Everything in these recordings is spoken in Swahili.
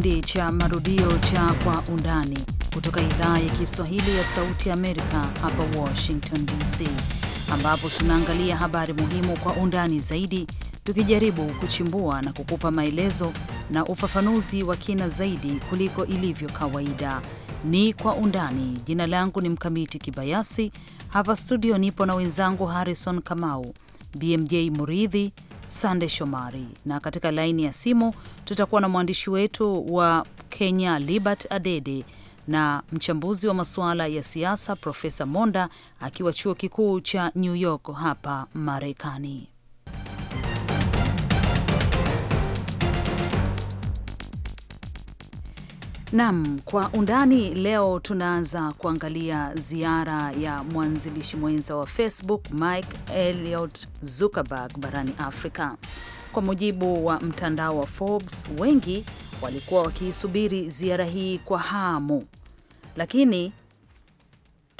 kipindi cha marudio cha Kwa Undani kutoka idhaa ya Kiswahili ya Sauti ya Amerika hapa Washington DC, ambapo tunaangalia habari muhimu kwa undani zaidi, tukijaribu kuchimbua na kukupa maelezo na ufafanuzi wa kina zaidi kuliko ilivyo kawaida. Ni Kwa Undani. Jina langu ni Mkamiti Kibayasi. Hapa studio nipo na wenzangu Harrison Kamau, BMJ Muridhi Sande Shomari, na katika laini ya simu tutakuwa na mwandishi wetu wa Kenya Libert Adede na mchambuzi wa masuala ya siasa Profesa Monda akiwa chuo kikuu cha New York hapa Marekani. Nam kwa undani leo, tunaanza kuangalia ziara ya mwanzilishi mwenza wa Facebook Mike eliot Zuckerberg barani Afrika. Kwa mujibu wa mtandao wa Forbes, wengi walikuwa wakiisubiri ziara hii kwa hamu, lakini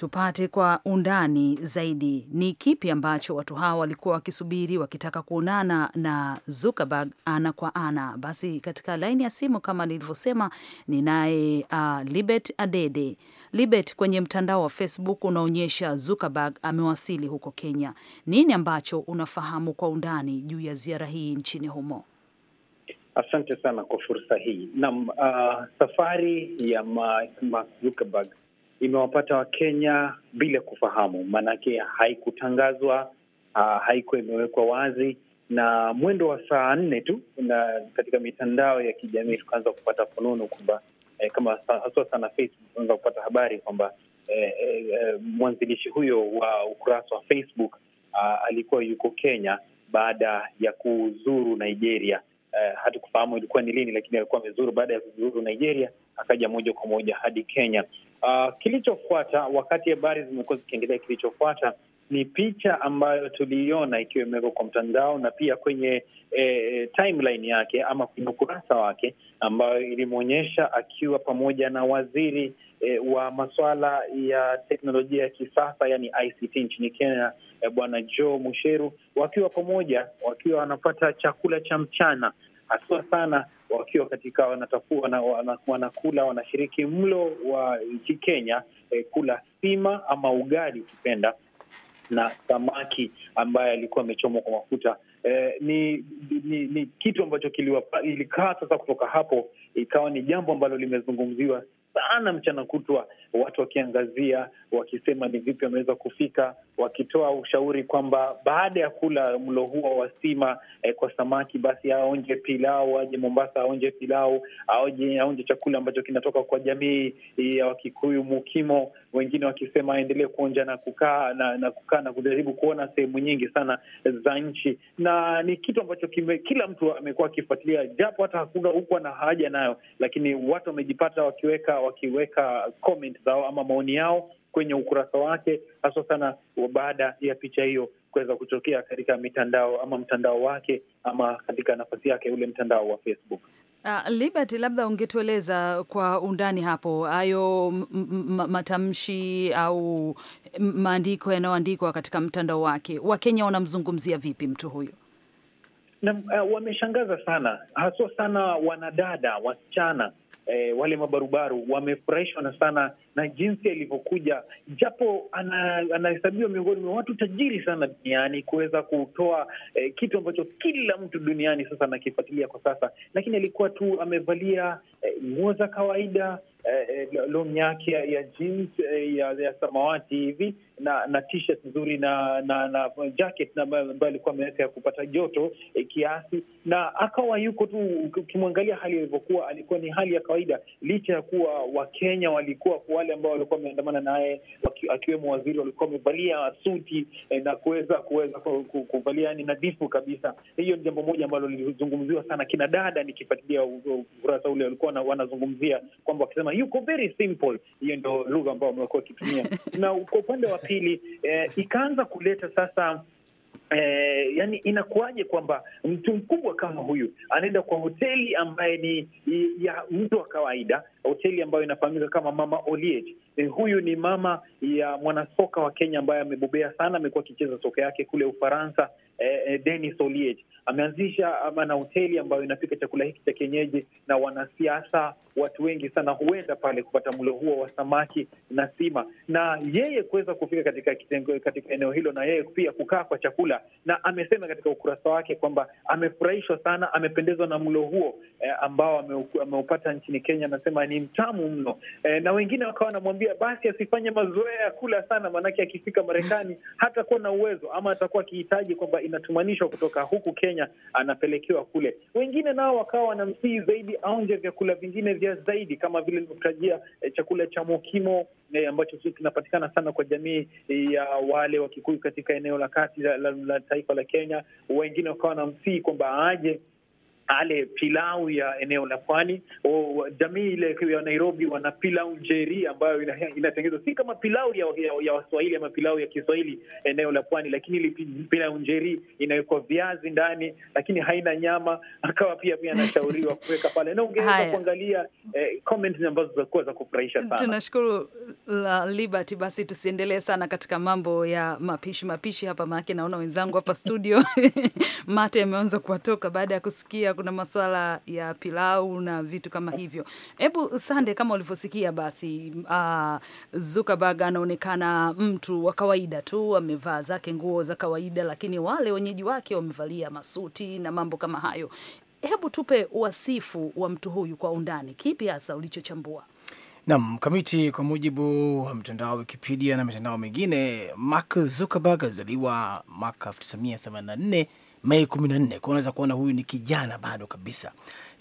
tupate kwa undani zaidi ni kipi ambacho watu hawa walikuwa wakisubiri wakitaka kuonana na Zuckerberg ana kwa ana. Basi katika laini ya simu kama nilivyosema, ninaye uh, Libet Adede. Libet, kwenye mtandao wa Facebook unaonyesha Zuckerberg amewasili huko Kenya. Nini ambacho unafahamu kwa undani juu ya ziara hii nchini humo? Asante sana kwa fursa hii. Naam, uh, safari ya Mark Zuckerberg imewapata Wakenya bila kufahamu, maanake haikutangazwa, ah, haikuwa imewekwa wazi, na mwendo wa saa nne tu na katika mitandao ya kijamii tukaanza kupata fununu kwamba eh, kama haswa sana Facebook tunaanza kupata habari kwamba eh, eh, eh, mwanzilishi huyo wa ukurasa wa Facebook ah, alikuwa yuko Kenya baada ya kuzuru Nigeria. Eh, hatukufahamu ilikuwa ni lini, lakini alikuwa amezuru. Baada ya kuzuru Nigeria, akaja moja kwa moja hadi Kenya Uh, kilichofuata wakati habari zimekuwa zikiendelea, kilichofuata ni picha ambayo tuliiona ikiwa imewekwa kwa mtandao na pia kwenye e, timeline yake ama kwenye ukurasa wake ambayo ilimwonyesha akiwa pamoja na waziri e, wa masuala ya teknolojia ya kisasa yani ICT nchini Kenya e, Bwana Joe Musheru wakiwa pamoja wakiwa wanapata chakula cha mchana haswa sana wakiwa katika wanatakua na wanakula wanashiriki mlo wa Kikenya eh, kula sima ama ugali ukipenda na samaki ambaye alikuwa amechomwa kwa mafuta. Eh, ni, ni ni kitu ambacho kilikaa sasa. Kutoka hapo ikawa ni jambo ambalo limezungumziwa sana mchana kutwa, watu wakiangazia, wakisema ni vipi wameweza kufika, wakitoa ushauri kwamba baada ya kula mlo huo wa sima eh, kwa samaki, basi aonje pilau, aje Mombasa aonje pilau, aonje, aonje chakula ambacho kinatoka kwa jamii ya Wakikuyu Mukimo. Wengine wakisema aendelee kuonja na kukaa na, na kukaa na kujaribu kuona sehemu nyingi sana za nchi, na ni kitu ambacho kime, kila mtu amekuwa akifuatilia, japo hata hakuna huku na haja nayo, lakini watu wamejipata wakiweka wakiweka comment zao ama maoni yao kwenye ukurasa wake, haswa sana baada ya picha hiyo kuweza kutokea katika mitandao ama mtandao wake ama katika nafasi yake ule mtandao wa Facebook. Uh, Liberty, labda ungetueleza kwa undani hapo hayo matamshi au maandiko yanayoandikwa katika mtandao wake. Wakenya wanamzungumzia vipi mtu huyu? Na, uh, ah, wameshangaza sana haswa sana wanadada wasichana eh, wale mabarubaru wamefurahishwa na sana na jinsi alivyokuja, japo anahesabiwa ana miongoni mwa watu tajiri sana duniani kuweza kutoa eh, kitu ambacho kila mtu duniani sasa anakifuatilia kwa sasa, lakini alikuwa tu amevalia eh, nguo eh, za kawaida eh, eh long yake ya jeans eh, ya, ya samawati hivi na na t-shirt nzuri na na na jacket ambayo alikuwa ameweka ya kupata joto eh, kiasi, na akawa yuko tu. Ukimwangalia hali alivyokuwa, alikuwa ni hali ya kawaida, licha ya kuwa Wakenya walikuwa wale ambao walikuwa wameandamana naye akiwemo waziri walikuwa wamevalia suti eh, na kuweza kuweza kuvalia yani nadhifu kabisa. Hiyo ni jambo moja ambalo lilizungumziwa sana. Kina dada nikifuatilia ukurasa ule walikuwa wanazungumzia kwamba wakisema yuko very simple, hiyo ndio lugha ambao wamekuwa wakitumia. Na kwa upande wa pili eh, ikaanza kuleta sasa Eh, yani inakuwaje kwamba mtu mkubwa kama huyu anaenda kwa hoteli ambaye ni ya mtu wa kawaida, hoteli ambayo inafahamika kama Mama Oliet. Eh, huyu ni mama ya mwanasoka wa Kenya ambaye amebobea sana, amekuwa akicheza soka yake kule Ufaransa eh, eh Denis Oliech ameanzisha ama na hoteli ambayo inapika chakula hiki cha kienyeji, na wanasiasa watu wengi sana huenda pale kupata mlo huo wa samaki na sima, na yeye kuweza kufika katika kitengo, katika eneo hilo, na yeye pia kukaa kwa chakula, na amesema katika ukurasa wake kwamba amefurahishwa sana, amependezwa na mlo huo eh, ambao ameupata nchini Kenya. Anasema ni mtamu mno eh, na wengine wakawa wanamwambia basi asifanye mazoea ya kula sana, maanake akifika Marekani hatakuwa na uwezo ama atakuwa akihitaji kwamba inatumanishwa kutoka huku Kenya anapelekewa kule. Wengine nao wakawa wanamsihi zaidi aonje vyakula vingine vya zaidi kama vile nilivyotarajia, eh, chakula cha mokimo eh, ambacho kinapatikana sana kwa jamii e, ya eh, wale wa Kikuyu katika eneo la kati la, la, la taifa la Kenya. Wengine wakawa wanamsihi kwamba aje ale pilau ya eneo la pwani. Jamii ile ya Nairobi wana pilau njeri ambayo inatengenezwa si kama pilau ya, ya, ya Waswahili ama pilau ya Kiswahili eneo la pwani, lakini ile pilau njeri inawekwa viazi ndani, lakini haina nyama. Akawa pia pia anashauriwa kuweka pale, na ungeweza kuangalia eh, comment ambazo zitakuwa za kufurahisha sana. Tunashukuru la uh, Liberty. Basi tusiendelee sana katika mambo ya mapishi mapishi hapa, maanake naona wenzangu hapa studio mate ameanza kuwatoka baada ya kusikia kuna masuala ya pilau na vitu kama hivyo. Hebu Sande, kama ulivyosikia, basi uh, Zuckerberg anaonekana mtu wa kawaida tu, amevaa zake nguo za kawaida, lakini wale wenyeji wake wamevalia masuti na mambo kama hayo. Hebu tupe wasifu wa mtu huyu kwa undani, kipi hasa ulichochambua? Nam Kamiti, kwa mujibu wa mtandao wa Wikipedia na mitandao mingine, Mark Zuckerberg alizaliwa mwaka 1984 Mei 14 Kwa unaweza kuona huyu ni kijana bado kabisa,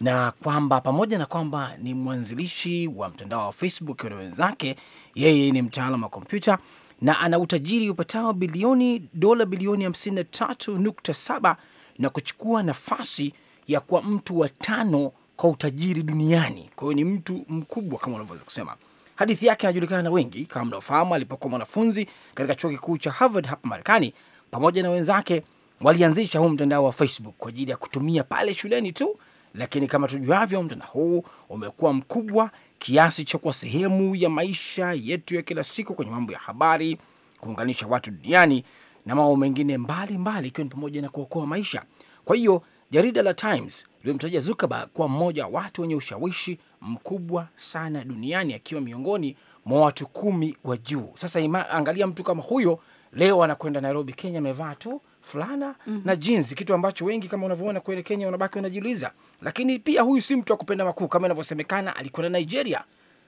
na kwamba pamoja na kwamba ni mwanzilishi wa mtandao wa Facebook na wenzake, yeye ni mtaalam wa kompyuta na ana utajiri upatao bilioni dola bilioni 53.7 na kuchukua nafasi ya kuwa mtu wa tano kwa utajiri duniani. Kwa hiyo ni mtu mkubwa kama unavyoweza kusema. Hadithi yake inajulikana na wengi kama mnaofahamu, alipokuwa mwanafunzi katika chuo kikuu cha Harvard hapa Marekani, pamoja na wenzake walianzisha huu mtandao wa Facebook kwa ajili ya kutumia pale shuleni tu, lakini kama tujuavyo, mtandao huu umekuwa mkubwa kiasi cha kuwa sehemu ya maisha yetu ya kila siku kwenye mambo ya habari, kuunganisha watu duniani na mambo mengine mbalimbali, ikiwa ni pamoja na kuokoa maisha. Kwa hiyo jarida la Times limemtaja Zuckerberg kuwa mmoja wa watu wenye ushawishi mkubwa sana duniani akiwa miongoni mwa watu kumi wa juu. Sasa ima, angalia mtu kama huyo leo anakwenda Nairobi, Kenya, amevaa tu fulana mm -hmm. na jinsi, kitu ambacho wengi kama unavyoona kule Kenya unabaki unajiuliza. Lakini pia huyu si mtu wa kupenda makuu kama inavyosemekana, alikwenda Nigeria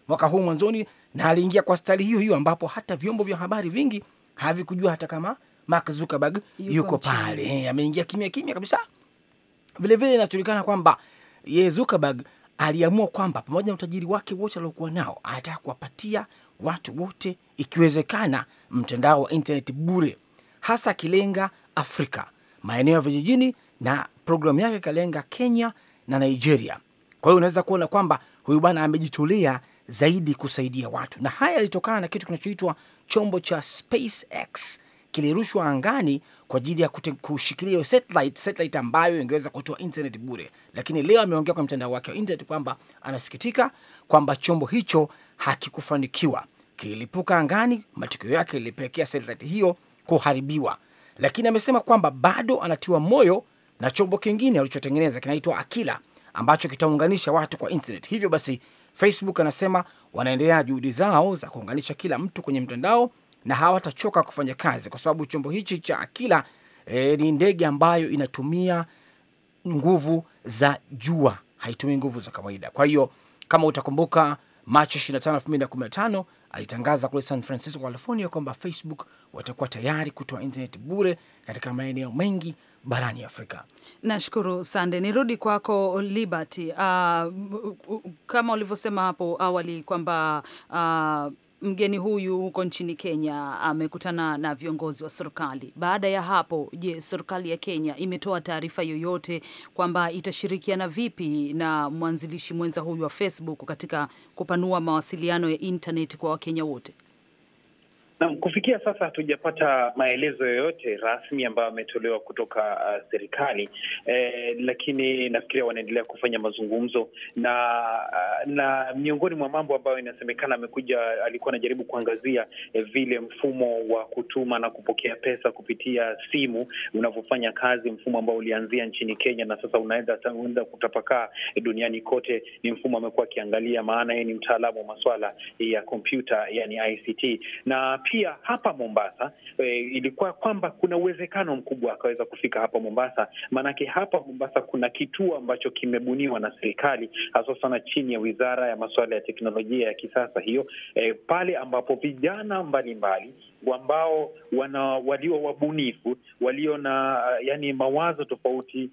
mwaka huu mwanzoni na aliingia kwa stali hiyo hiyo, ambapo hata vyombo vya habari vingi havikujua hata kama Mark Zuckerberg yuko, yuko pale, eh, ameingia kimya kimya kabisa. Vile vile inajulikana kwamba ye Zuckerberg aliamua kwamba pamoja na utajiri wake wote aliokuwa nao anataka kuwapatia watu wote ikiwezekana mtandao wa internet bure, hasa akilenga Afrika, maeneo ya vijijini, na programu yake ikalenga Kenya na Nigeria. Kwa hiyo unaweza kuona kwamba huyu bwana amejitolea zaidi kusaidia watu, na haya yalitokana na kitu kinachoitwa chombo cha SpaceX kilirushwa angani kwa ajili ya kushikilia satellite, satellite ambayo ingeweza kutoa internet bure, lakini leo ameongea kwa mtandao wake wa internet kwamba anasikitika kwamba chombo hicho hakikufanikiwa, kililipuka angani. matukio yake ilipelekea satellite hiyo kuharibiwa, lakini amesema kwamba bado anatiwa moyo na chombo kingine walichotengeneza kinaitwa Akila ambacho kitaunganisha watu kwa internet. Hivyo basi, Facebook anasema wanaendelea juhudi zao za kuunganisha kila mtu kwenye mtandao na hawatachoka kufanya kazi, kwa sababu chombo hichi cha Akila e, ni ndege ambayo inatumia nguvu za jua, haitumii nguvu za kawaida. Kwa hiyo kama utakumbuka Machi 25, alitangaza kule San Francisco, California kwamba Facebook watakuwa tayari kutoa internet bure katika maeneo mengi barani Afrika. Nashukuru Sande, nirudi kwako Liberty. Uh, kama ulivyosema hapo awali kwamba uh, mgeni huyu huko nchini Kenya amekutana na viongozi wa serikali. Baada ya hapo, je, serikali ya Kenya imetoa taarifa yoyote kwamba itashirikiana vipi na mwanzilishi mwenza huyu wa Facebook katika kupanua mawasiliano ya intaneti kwa Wakenya wote? Naam, kufikia sasa hatujapata maelezo yoyote rasmi ambayo ametolewa kutoka uh, serikali eh, lakini nafikiria wanaendelea kufanya mazungumzo na uh, na miongoni mwa mambo ambayo inasemekana amekuja alikuwa anajaribu kuangazia eh, vile mfumo wa kutuma na kupokea pesa kupitia simu unavyofanya kazi, mfumo ambao ulianzia nchini Kenya na sasa unaenda kutapakaa eh, duniani kote. Ni mfumo amekuwa akiangalia, maana yeye ni mtaalamu wa maswala ya kompyuta, yani ICT na pia hapa Mombasa e, ilikuwa kwamba kuna uwezekano mkubwa akaweza kufika hapa Mombasa, maanake hapa Mombasa kuna kituo ambacho kimebuniwa na serikali haswa sana chini ya wizara ya masuala ya teknolojia ya kisasa hiyo, e, pale ambapo vijana mbalimbali ambao wana walio wabunifu walio na yani mawazo tofauti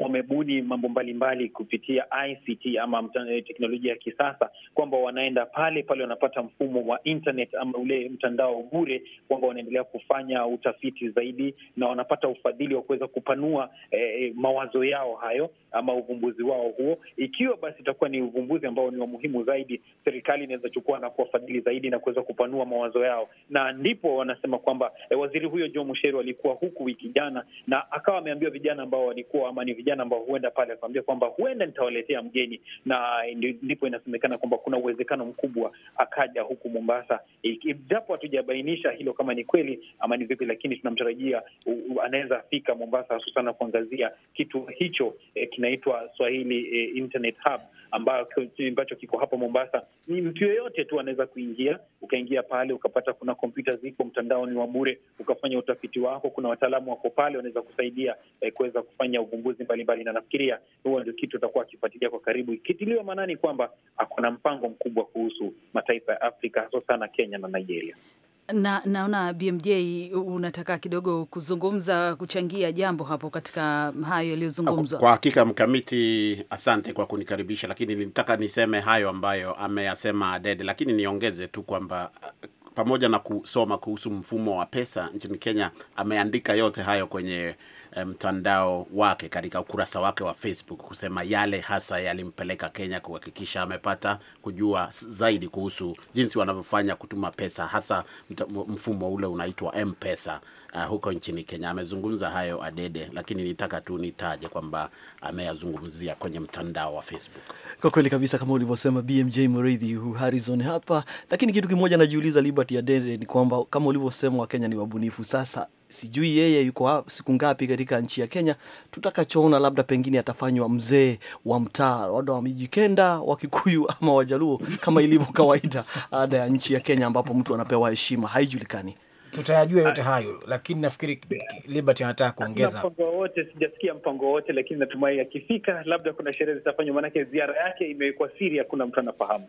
wamebuni mambo mbalimbali kupitia ICT ama eh, teknolojia ya kisasa, kwamba wanaenda pale pale wanapata mfumo wa internet ama ule mtandao bure, kwamba wanaendelea kufanya utafiti zaidi na wanapata ufadhili wa kuweza kupanua eh, eh, mawazo yao hayo ama uvumbuzi wao huo. Ikiwa basi itakuwa ni uvumbuzi ambao ni wa muhimu zaidi, serikali inaweza chukua na kuwafadhili zaidi na kuweza kupanua mawazo yao, na ndipo wanasema kwamba eh, waziri huyo Joe Mucheru alikuwa huku wiki jana na akawa ameambiwa vijana ambao walikuwa ama ni vijana ambao huenda pale akawambia kwamba huenda nitawaletea mgeni, na ndipo inasemekana kwamba kuna uwezekano mkubwa akaja huku Mombasa, japo hatujabainisha hilo kama ni kweli ama ni vipi, lakini tunamtarajia anaweza fika Mombasa, hususana kuangazia kitu hicho eh, kinaitwa Swahili eh, Internet Hub ambacho kiko hapa Mombasa. Ni mtu yoyote tu anaweza kuingia, ukaingia pale ukapata, kuna kompyuta ziko mtandaoni wa bure, ukafanya utafiti wako. Kuna wataalamu wako pale wanaweza kusaidia eh, kuweza kufanya uvumbuzi mbali mbalimbali, na nafikiria huo ndio kitu atakuwa akifuatilia kwa karibu, ikitiliwa maanani kwamba ako na mpango mkubwa kuhusu mataifa ya Afrika hasa sana Kenya na Nigeria na naona BMJ unataka kidogo kuzungumza kuchangia jambo hapo katika hayo yaliyozungumzwa. Kwa hakika Mkamiti, asante kwa kunikaribisha, lakini nilitaka niseme hayo ambayo ameyasema Dede, lakini niongeze tu kwamba uh, pamoja na kusoma kuhusu mfumo wa pesa nchini Kenya, ameandika yote hayo kwenye Eh, mtandao wake katika ukurasa wake wa Facebook kusema yale hasa yalimpeleka Kenya, kuhakikisha amepata kujua zaidi kuhusu jinsi wanavyofanya kutuma pesa, hasa mfumo ule unaitwa M-Pesa uh, huko nchini Kenya. Amezungumza hayo Adede, lakini nitaka tu nitaje kwamba ameyazungumzia kwenye mtandao wa Facebook. Kwa kweli kabisa, kama ulivyosema BMJ Murithi hu Harrison hapa, lakini kitu kimoja najiuliza Liberty Adede ni kwamba kama ulivyosema Wakenya ni wabunifu. Sasa sijui yeye yuko siku ngapi katika nchi ya Kenya. Tutakachoona labda pengine atafanywa mzee wa mtaa labda wa Mijikenda, wa Kikuyu ama Wajaluo, kama ilivyo kawaida ada ya nchi ya Kenya, ambapo mtu anapewa heshima. Haijulikani, tutayajua yote hayo, lakini nafikiri Liberty anataka kuongeza. Mpango wowote sijasikia mpango wowote, lakini natumai akifika, labda kuna sherehe zitafanywa, maanake ziara yake imekuwa siri, hakuna mtu anafahamu.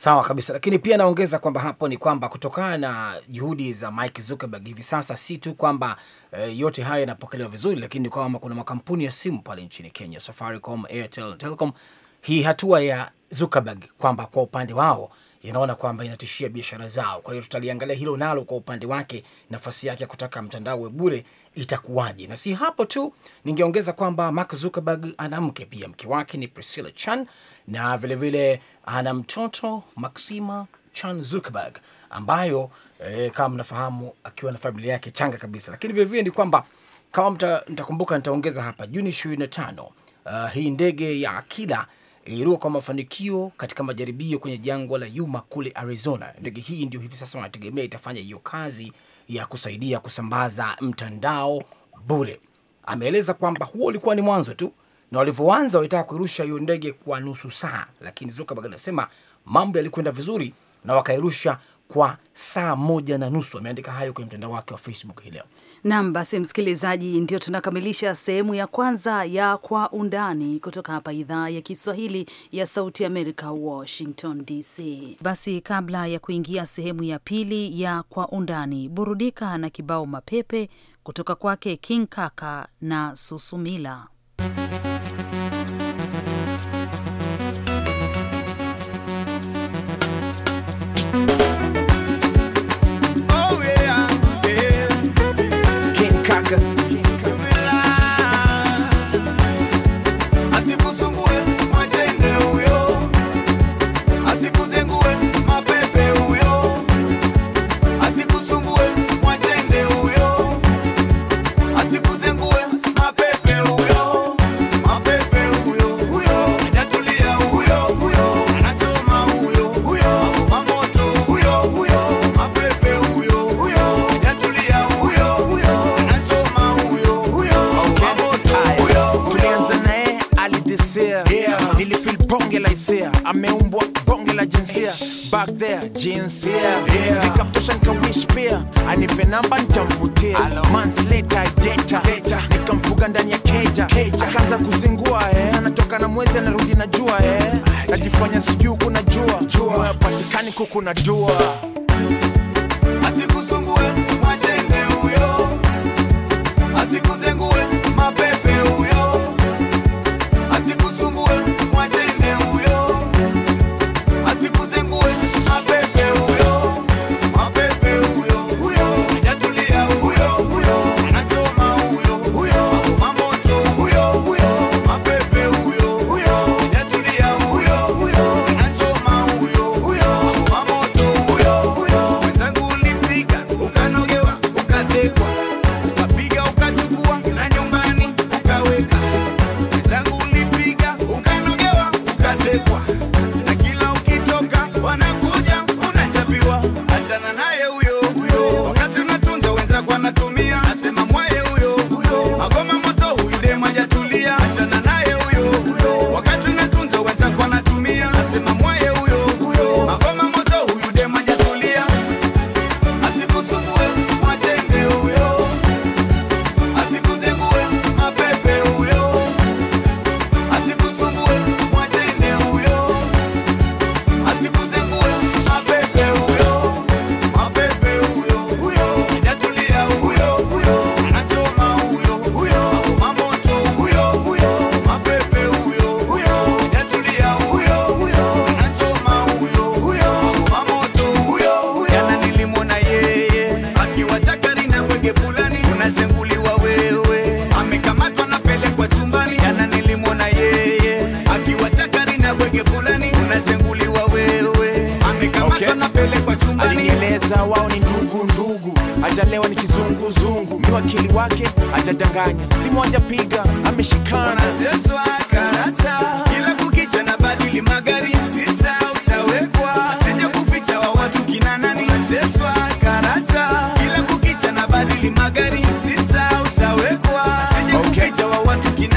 Sawa kabisa, lakini pia naongeza kwamba hapo ni kwamba kutokana na juhudi za Mike Zuckerberg hivi sasa, si tu kwamba e, yote haya yanapokelewa vizuri, lakini kwamba kuna makampuni ya simu pale nchini Kenya, Safaricom, Airtel, Telecom. Hii hatua ya Zuckerberg kwamba kwa upande wao inaona kwamba inatishia biashara zao. Kwa hiyo tutaliangalia hilo nalo kwa upande wake, nafasi yake ya kutaka mtandao we bure itakuwaje? Na si hapo tu, ningeongeza kwamba Mark Zuckerberg ana mke pia, mke wake ni Priscilla Chan na vilevile vile ana mtoto Maxima Chan Zuckerberg ambayo eh, kama mnafahamu akiwa na familia yake changa kabisa. Lakini vilevile ni kwamba kama ntakumbuka nitaongeza hapa, Juni 25 uh, ah, hii ndege ya Akila iliruka kwa mafanikio katika majaribio kwenye jangwa la Yuma kule Arizona. Ndege hii ndio hivi sasa wanategemea itafanya hiyo kazi ya kusaidia kusambaza mtandao bure. Ameeleza kwamba huo ulikuwa ni mwanzo tu, na walivyoanza walitaka kuirusha hiyo ndege kwa nusu saa, lakini Zuckerberg anasema mambo yalikwenda vizuri na wakairusha kwa saa moja na nusu. Ameandika hayo kwenye mtandao wake wa Facebook hii leo. nam basi msikilizaji, ndio tunakamilisha sehemu ya kwanza ya Kwa Undani kutoka hapa idhaa ya Kiswahili ya Sauti Amerika, Washington DC. Basi kabla ya kuingia sehemu ya pili ya Kwa Undani, burudika na kibao Mapepe kutoka kwake King Kaka na Susumila. a door magari sita utawekwa okay.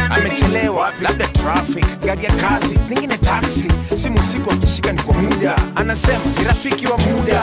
Amechelewa labda traffic, gari ya kazi, zingine taksi, simu siku akishika ni kwa muda, anasema ni rafiki wa muda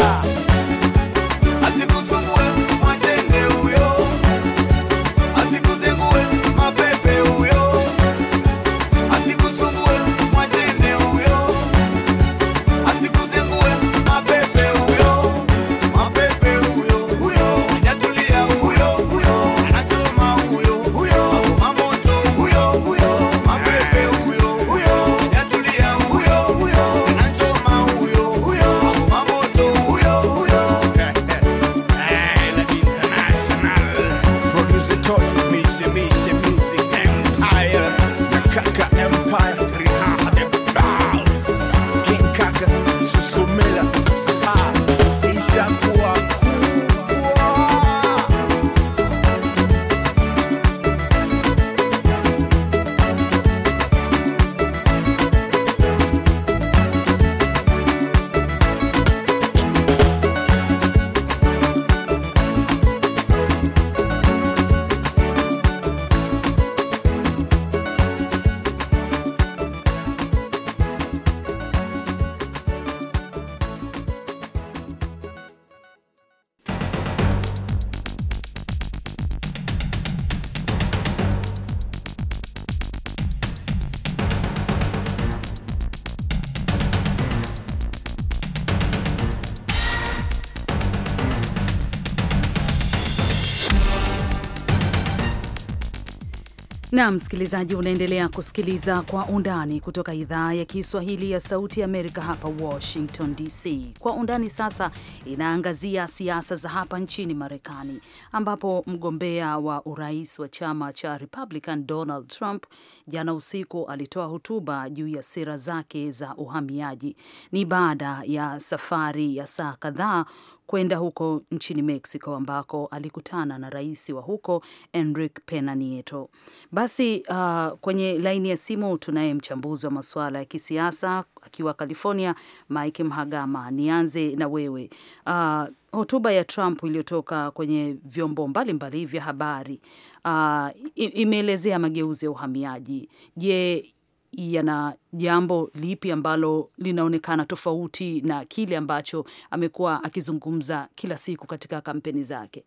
Na msikilizaji, unaendelea kusikiliza Kwa Undani kutoka idhaa ya Kiswahili ya Sauti ya Amerika hapa Washington DC. Kwa Undani sasa inaangazia siasa za hapa nchini Marekani, ambapo mgombea wa urais wa chama cha Republican Donald Trump jana usiku alitoa hotuba juu ya sera zake za uhamiaji. Ni baada ya safari ya saa kadhaa kwenda huko nchini Mexico ambako alikutana na rais wa huko Enrique Pena Nieto. Basi uh, kwenye laini ya simu tunaye mchambuzi wa masuala ya kisiasa akiwa California, Mike Mhagama. Nianze na wewe uh, hotuba ya Trump iliyotoka kwenye vyombo mbalimbali vya habari uh, imeelezea mageuzi ya uhamiaji. Je, yana jambo lipi ambalo linaonekana tofauti na kile ambacho amekuwa akizungumza kila siku katika kampeni zake.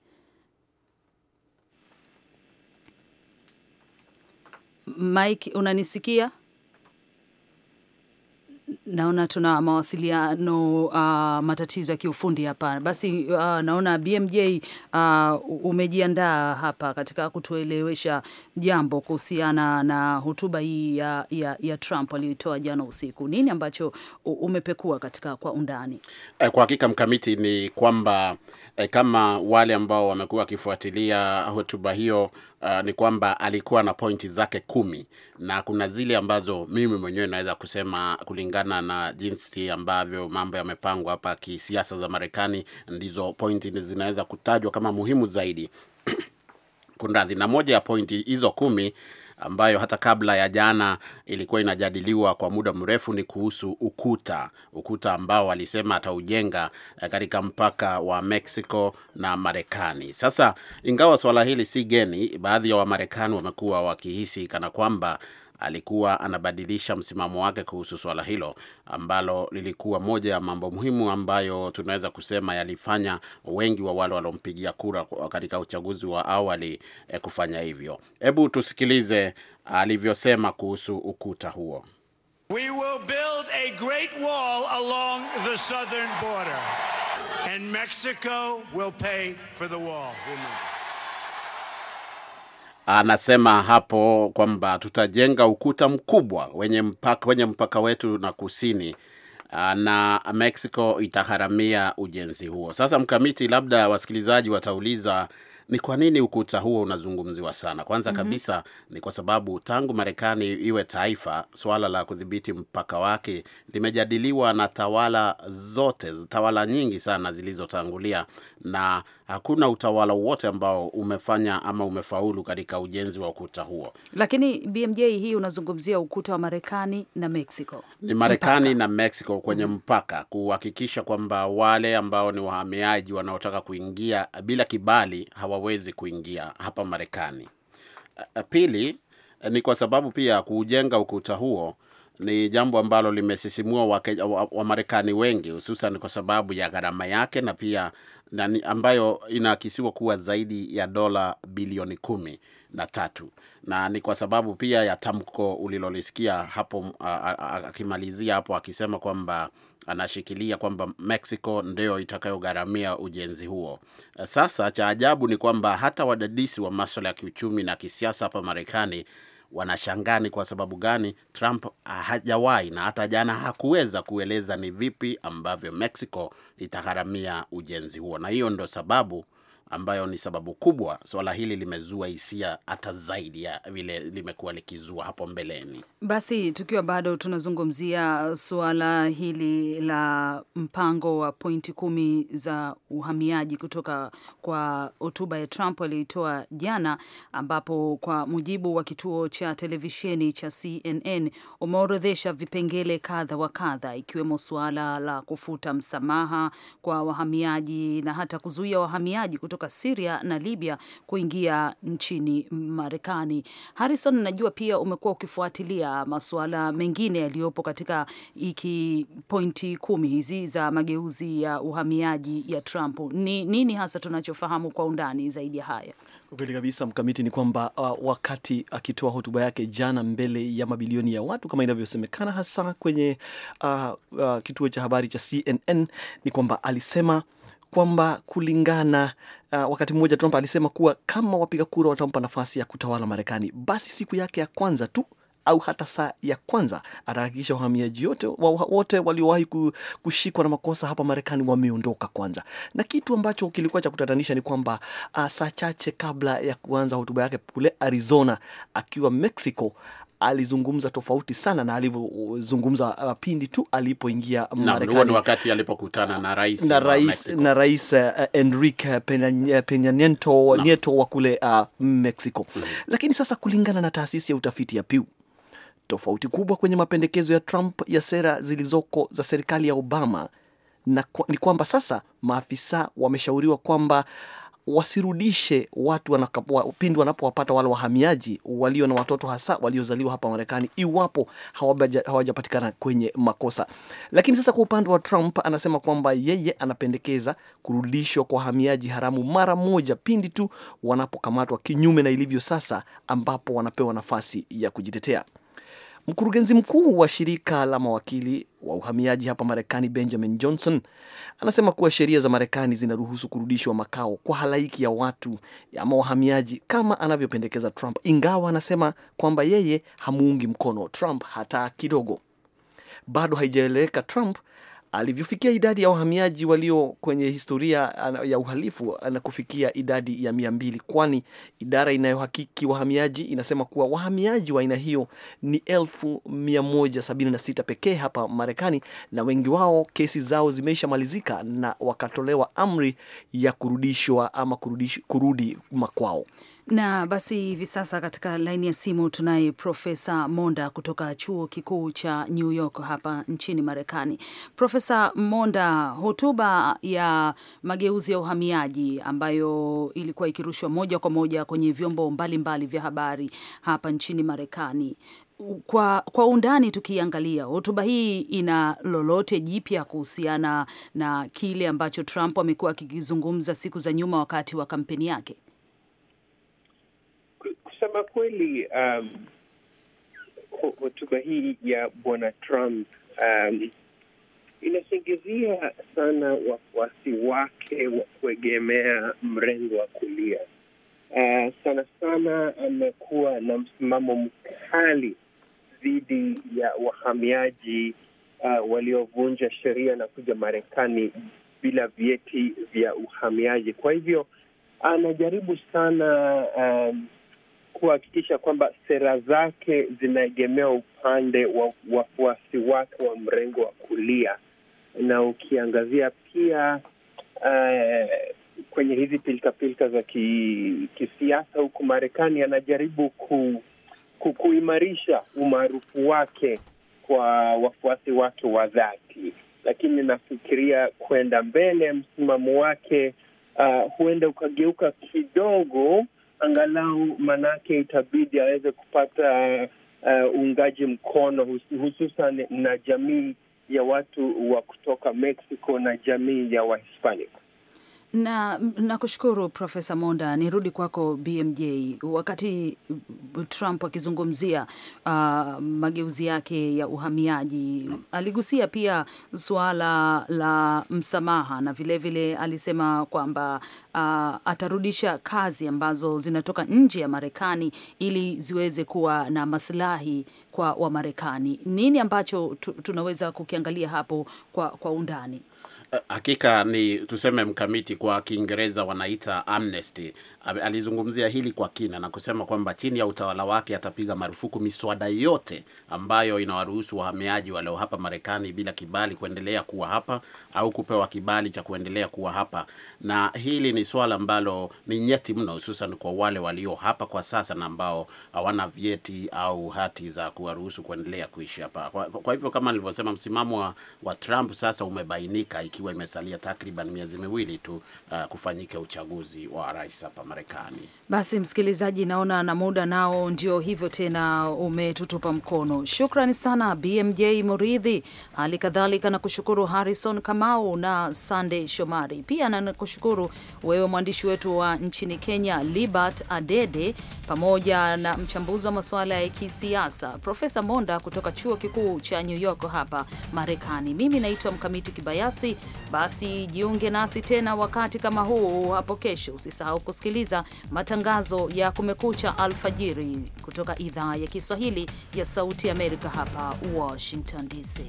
Mike, unanisikia? naona tuna mawasiliano uh, matatizo ya kiufundi hapa. Basi uh, naona BMJ uh, umejiandaa hapa katika kutuelewesha jambo kuhusiana na hotuba hii ya, ya, ya Trump aliyoitoa jana usiku. Nini ambacho umepekua katika kwa undani? Eh, kwa hakika mkamiti ni kwamba eh, kama wale ambao wamekuwa wakifuatilia hotuba hiyo uh, ni kwamba alikuwa na pointi zake kumi na kuna zile ambazo mimi mwenyewe naweza kusema kulingana na jinsi ambavyo mambo yamepangwa hapa kisiasa za Marekani, ndizo pointi zinaweza kutajwa kama muhimu zaidi kunradhi, na moja ya pointi hizo kumi ambayo hata kabla ya jana ilikuwa inajadiliwa kwa muda mrefu ni kuhusu ukuta, ukuta ambao alisema ataujenga eh, katika mpaka wa Mexico na Marekani. Sasa, ingawa swala hili si geni, baadhi ya Wamarekani wamekuwa wakihisi kana kwamba alikuwa anabadilisha msimamo wake kuhusu swala hilo ambalo lilikuwa moja ya mambo muhimu ambayo tunaweza kusema yalifanya wengi wa wale waliompigia kura katika uchaguzi wa awali e, kufanya hivyo. Hebu tusikilize alivyosema kuhusu ukuta huo. We will build a great wall along the southern border and Mexico will pay for the wall anasema hapo kwamba tutajenga ukuta mkubwa wenye mpaka, wenye mpaka wetu na kusini ah, na Mexico itaharamia ujenzi huo. Sasa mkamiti, labda wasikilizaji watauliza ni kwa nini ukuta huo unazungumziwa sana? Kwanza mm -hmm. kabisa ni kwa sababu tangu Marekani iwe taifa, swala la kudhibiti mpaka wake limejadiliwa na tawala zote, tawala nyingi sana zilizotangulia, na hakuna utawala wote ambao umefanya ama umefaulu katika ujenzi wa ukuta huo. Lakini BMJ hii unazungumzia ukuta wa Marekani na Mexico, ni Marekani mpaka na Mexico kwenye mm -hmm. mpaka, kuhakikisha kwamba wale ambao ni wahamiaji wanaotaka kuingia bila kibali hawa hawawezi kuingia hapa Marekani. Pili ni kwa sababu pia kuujenga ukuta huo ni jambo ambalo limesisimua Wamarekani wa, wa wengi hususan kwa sababu ya gharama yake na pia na, ambayo inaakisiwa kuwa zaidi ya dola bilioni kumi na tatu na ni kwa sababu pia ya tamko ulilolisikia hapo uh, uh, uh, akimalizia hapo akisema kwamba anashikilia kwamba Mexico ndio itakayogharamia ujenzi huo. Sasa cha ajabu ni kwamba hata wadadisi wa maswala ya kiuchumi na kisiasa hapa Marekani wanashangani kwa sababu gani Trump hajawahi na hata jana hakuweza kueleza ni vipi ambavyo Mexico itagharamia ujenzi huo, na hiyo ndo sababu ambayo ni sababu kubwa swala hili limezua hisia hata zaidi ya vile limekuwa likizua hapo mbeleni. Basi tukiwa bado tunazungumzia suala hili la mpango wa pointi kumi za uhamiaji kutoka kwa hotuba ya Trump aliyoitoa jana, ambapo kwa mujibu wa kituo cha televisheni cha CNN umeorodhesha vipengele kadha wa kadha, ikiwemo suala la kufuta msamaha kwa wahamiaji na hata kuzuia wahamiaji kutoka kutoka Syria na Libya kuingia nchini Marekani. Harrison, najua pia umekuwa ukifuatilia masuala mengine yaliyopo katika iki pointi kumi hizi za mageuzi ya uhamiaji ya Trump. Ni nini hasa tunachofahamu kwa undani zaidi ya haya? Kweli kabisa mkamiti, ni kwamba uh, wakati akitoa hotuba yake jana mbele ya mabilioni ya watu kama inavyosemekana hasa kwenye uh, uh, kituo cha habari cha CNN ni kwamba alisema kwamba kulingana uh, wakati mmoja Trump alisema kuwa kama wapiga kura watampa nafasi ya kutawala Marekani, basi siku yake ya kwanza tu au hata saa ya kwanza atahakikisha wahamiaji wote waliowahi kushikwa na makosa hapa Marekani wameondoka kwanza. Na kitu ambacho kilikuwa cha kutatanisha ni kwamba uh, saa chache kabla ya kuanza hotuba yake kule Arizona akiwa Mexico alizungumza tofauti sana na alivyozungumza uh, pindi tu alipoingia Marekani, wakati alipokutana na rais na rais, na rais uh, Enrique Peña uh, Nieto, Nieto wa kule uh, Mexico mm -hmm. Lakini sasa kulingana na taasisi ya utafiti ya Pew tofauti kubwa kwenye mapendekezo ya Trump ya sera zilizoko za serikali ya Obama na kwa, ni kwamba sasa maafisa wameshauriwa kwamba wasirudishe watu pindi wanapowapata wale wahamiaji walio na watoto hasa waliozaliwa hapa Marekani iwapo hawajapatikana kwenye makosa. Lakini sasa kwa upande wa Trump anasema kwamba yeye anapendekeza kurudishwa kwa wahamiaji haramu mara moja pindi tu wanapokamatwa, kinyume na ilivyo sasa ambapo wanapewa nafasi ya kujitetea. Mkurugenzi mkuu wa shirika la mawakili wa uhamiaji hapa Marekani, Benjamin Johnson, anasema kuwa sheria za Marekani zinaruhusu kurudishwa makao kwa halaiki ya watu ama wahamiaji kama anavyopendekeza Trump, ingawa anasema kwamba yeye hamuungi mkono Trump hata kidogo. Bado haijaeleweka Trump alivyofikia idadi ya wahamiaji walio kwenye historia ya uhalifu na kufikia idadi ya mia mbili, kwani idara inayohakiki wahamiaji inasema kuwa wahamiaji wa aina hiyo ni elfu mia moja sabini na sita pekee hapa Marekani, na wengi wao kesi zao malizika na wakatolewa amri ya kurudishwa ama kurudish, kurudi makwao. Na basi hivi sasa katika laini ya simu tunaye Profesa Monda kutoka chuo kikuu cha New York hapa nchini Marekani. Profesa Monda, hotuba ya mageuzi ya uhamiaji ambayo ilikuwa ikirushwa moja kwa moja kwenye vyombo mbalimbali vya habari hapa nchini Marekani, kwa, kwa undani tukiangalia hotuba hii ina lolote jipya kuhusiana na kile ambacho Trump amekuwa akikizungumza siku za nyuma wakati wa kampeni yake? kusema kweli, um, hotuba hii ya bwana Trump um, inasingizia sana wafuasi wake wa kuegemea mrengo wa kulia. Uh, sana sana amekuwa na msimamo mkali dhidi ya wahamiaji uh, waliovunja sheria na kuja Marekani bila vyeti vya uhamiaji. Kwa hivyo anajaribu sana um, kuhakikisha kwamba sera zake zinaegemea upande wa wafuasi wake wa mrengo wa kulia, na ukiangazia pia uh, kwenye hizi pilikapilika za ki, kisiasa huku Marekani anajaribu ku, ku, kuimarisha umaarufu wake kwa wafuasi wake wa dhati, lakini nafikiria kwenda mbele, msimamo wake uh, huenda ukageuka kidogo angalau manake itabidi aweze kupata uh, uungaji mkono hususan na jamii ya watu wa kutoka Mexico na jamii ya Wahispanic na nakushukuru Profesa Monda. Nirudi kwako BMJ. Wakati uh, Trump akizungumzia uh, mageuzi yake ya uhamiaji, aligusia pia suala la msamaha na vilevile vile alisema kwamba uh, atarudisha kazi ambazo zinatoka nje ya Marekani ili ziweze kuwa na masilahi kwa Wamarekani. Nini ambacho tunaweza kukiangalia hapo kwa, kwa undani? hakika ni tuseme mkamiti, kwa Kiingereza wanaita amnesty alizungumzia hili kwa kina na kusema kwamba chini ya utawala wake atapiga marufuku miswada yote ambayo inawaruhusu wahamiaji walio hapa Marekani bila kibali kuendelea kuwa hapa au kupewa kibali cha kuendelea kuwa hapa. Na hili ni swala ambalo ni nyeti mno, hususan kwa wale walio hapa kwa sasa na ambao hawana vyeti au hati za kuwaruhusu kuendelea kuishi hapa. Kwa, kwa hivyo kama nilivyosema, msimamo wa, wa Trump sasa umebainika, ikiwa imesalia takriban miezi miwili tu uh, kufanyike uchaguzi wa rais hapa Marekani. Basi msikilizaji, naona na muda nao ndio hivyo tena, umetutupa mkono. Shukrani sana BMJ Muridhi, hali kadhalika na kushukuru Harrison Kamau na Sandey Shomari, pia nakushukuru wewe mwandishi wetu wa nchini Kenya Libert Adede, pamoja na mchambuzi wa masuala ya kisiasa Profesa Monda kutoka chuo kikuu cha New York hapa Marekani. Mimi naitwa Mkamiti Kibayasi. Basi jiunge nasi tena wakati kama huu hapo kesho. Usisahau kusikiliza kusikiliza matangazo ya Kumekucha alfajiri kutoka idhaa ya Kiswahili ya Sauti Amerika hapa Washington DC.